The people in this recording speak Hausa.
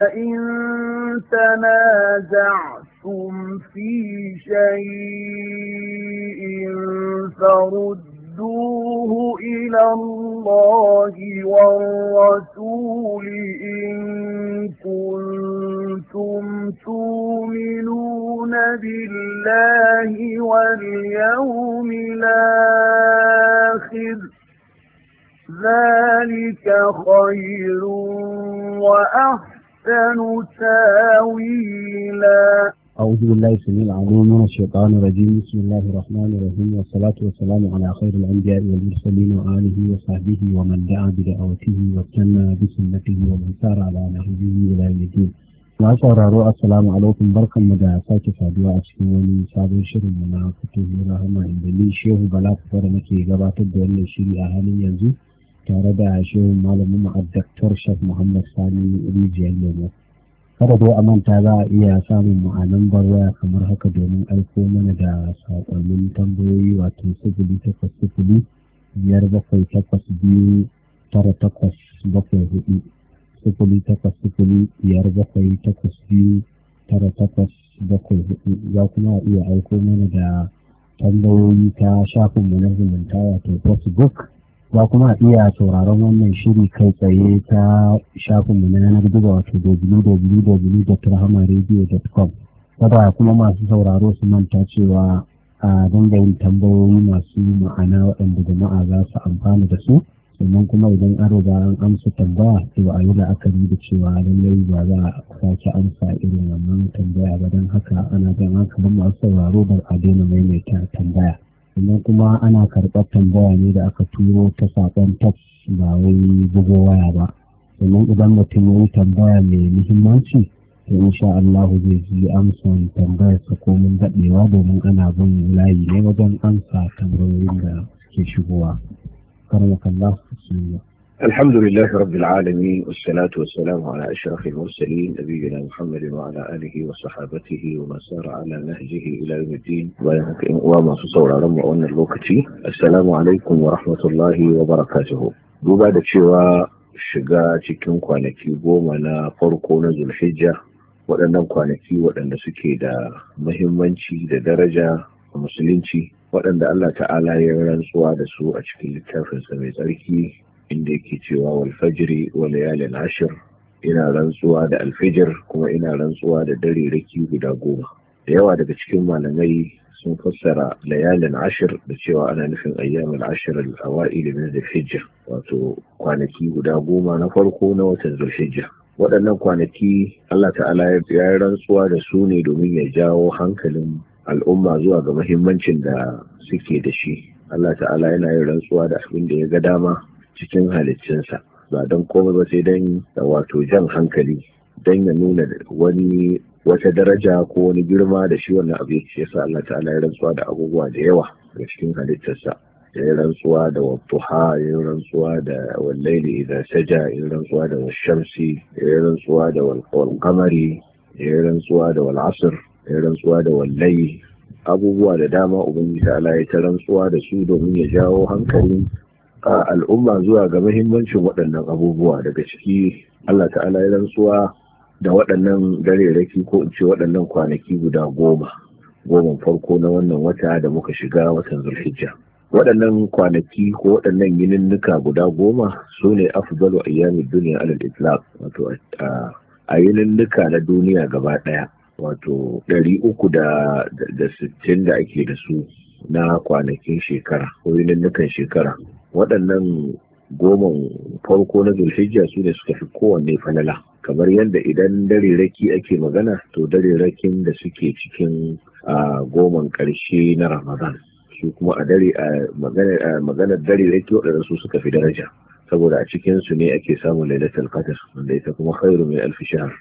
فإن تنازعتم في شيء فردوه إلى الله والرسول إن كنتم تؤمنون بالله واليوم الآخر ذلك خير وأحسن أحسن تاويلا أعوذ بالله السميع العليم من الشيطان الرجيم بسم الله الرحمن الرحيم والصلاة والسلام على خير الأنبياء والمرسلين وآله وصحبه ومن دعا بدعوته واتنى بسنته ومن سار على نهجه إلى يوم الدين Na sauraro assalamu alaikum barkan mu da sake saduwa a المنافقين wani sabon shirin mu na fito hira hama inda ni Shehu تعرض عشان ماله مع الدكتور الشيخ محمد ثاني اللي جاي اليوم فرضوا أمان تابع يا سامي مع نمبر وخمر هكا دوم ألف ومن دا صار من تنبوي وتنسب لي تقص لي يربو في تقص بي ترى تقص بفه إي سفلي تقص سفلي يربو في تقص بي ترى تقص بفه إي يوكنا إيا ألف ومن دا تنبوي كاشاكم منظم من تاوى تقص بوك za kuma a iya sauraron wannan shiri kai tsaye ta shafin shafinmu na yanar gizo wato www.rahamaradio.com kada kuma masu sauraro su manta cewa a dinga tambayoyi masu ma'ana waɗanda jama'a za su amfana da su sannan kuma idan an riga an amsa tambaya to ba a yi la'akari da cewa lallai ba za a sake amsa irin wannan tambaya ba don haka ana jan kamar masu sauraro ba a daina maimaita tambaya. sannan kuma ana karɓar tambaya ne da aka turo ta saƙon tax ba wai bugo waya ba sannan idan mutum ya yi tambaya mai muhimmanci to insha Allah zai ji amsan tambayar sa ko mun daɗewa domin ana bin layi ne wajen amsa tambayoyin da ke shigowa karmakan Allah su الحمد لله رب العالمين والصلاة والسلام على أشرف المرسلين نبينا محمد وعلى آله وصحابته ومن سار على نهجه إلى يوم الدين وما تصور رمع أن الوقتي السلام عليكم ورحمة الله وبركاته دوبا cewa shiga cikin kwanaki goma na farko na zulhijja waɗannan kwanaki waɗanda suke da muhimmanci da daraja a musulunci waɗanda Allah ta'ala ya rantsuwa da su a cikin littafinsa mai tsarki inda yake cewa wal fajri wa layalin ashir ina rantsuwa da alfijir kuma ina rantsuwa da dare raki guda goma da yawa daga cikin malamai sun fassara layalin ashir da cewa ana nufin al ashir al-awa'il min fajr wato kwanaki guda goma na farko na watan zulhijja waɗannan kwanaki Allah ta'ala ya yi rantsuwa da su ne domin ya jawo hankalin al'umma zuwa ga muhimmancin da suke da shi Allah ta'ala yana yin rantsuwa da abin da ya ga dama cikin halittinsa ba don komai ba sai don wato jan hankali don ya nuna wani wata daraja ko wani girma da shi wannan abu Ya yasa Allah ta'ala ya rantsuwa da abubuwa da yawa ga cikin halittarsa ya yi rantsuwa da wattuha ya yi rantsuwa da wallaili idan saja ya yi rantsuwa da washamsi ya yi rantsuwa da walkamari ya yi rantsuwa da wal'asir ya yi rantsuwa da wallayi abubuwa da dama ubangiji ta'ala ya ta rantsuwa da su domin ya jawo hankali. a al'umma zuwa ga mahimmancin waɗannan abubuwa daga ciki Allah ta'ala ya rantsuwa da waɗannan dareraki ko in ce waɗannan kwanaki guda goma goma farko na wannan wata da muka shiga watan zulhijja waɗannan kwanaki ko waɗannan nuka guda goma su ne afdalu ayyamin duniya alal itlaq wato a nuka na duniya gaba ɗaya wato ɗari uku da sittin da ake da su na kwanakin shekara ko yininnikan shekara waɗannan goman farko na zulhijja su ne suka fi kowanne falala kamar yadda idan dare raki ake magana to dare rakin da suke cikin a goman ƙarshe na ramadan su kuma a dare a maganar dare raki waɗanda su suka fi daraja saboda a cikin su ne ake samun lailatul qadr wanda ita kuma khairu min alf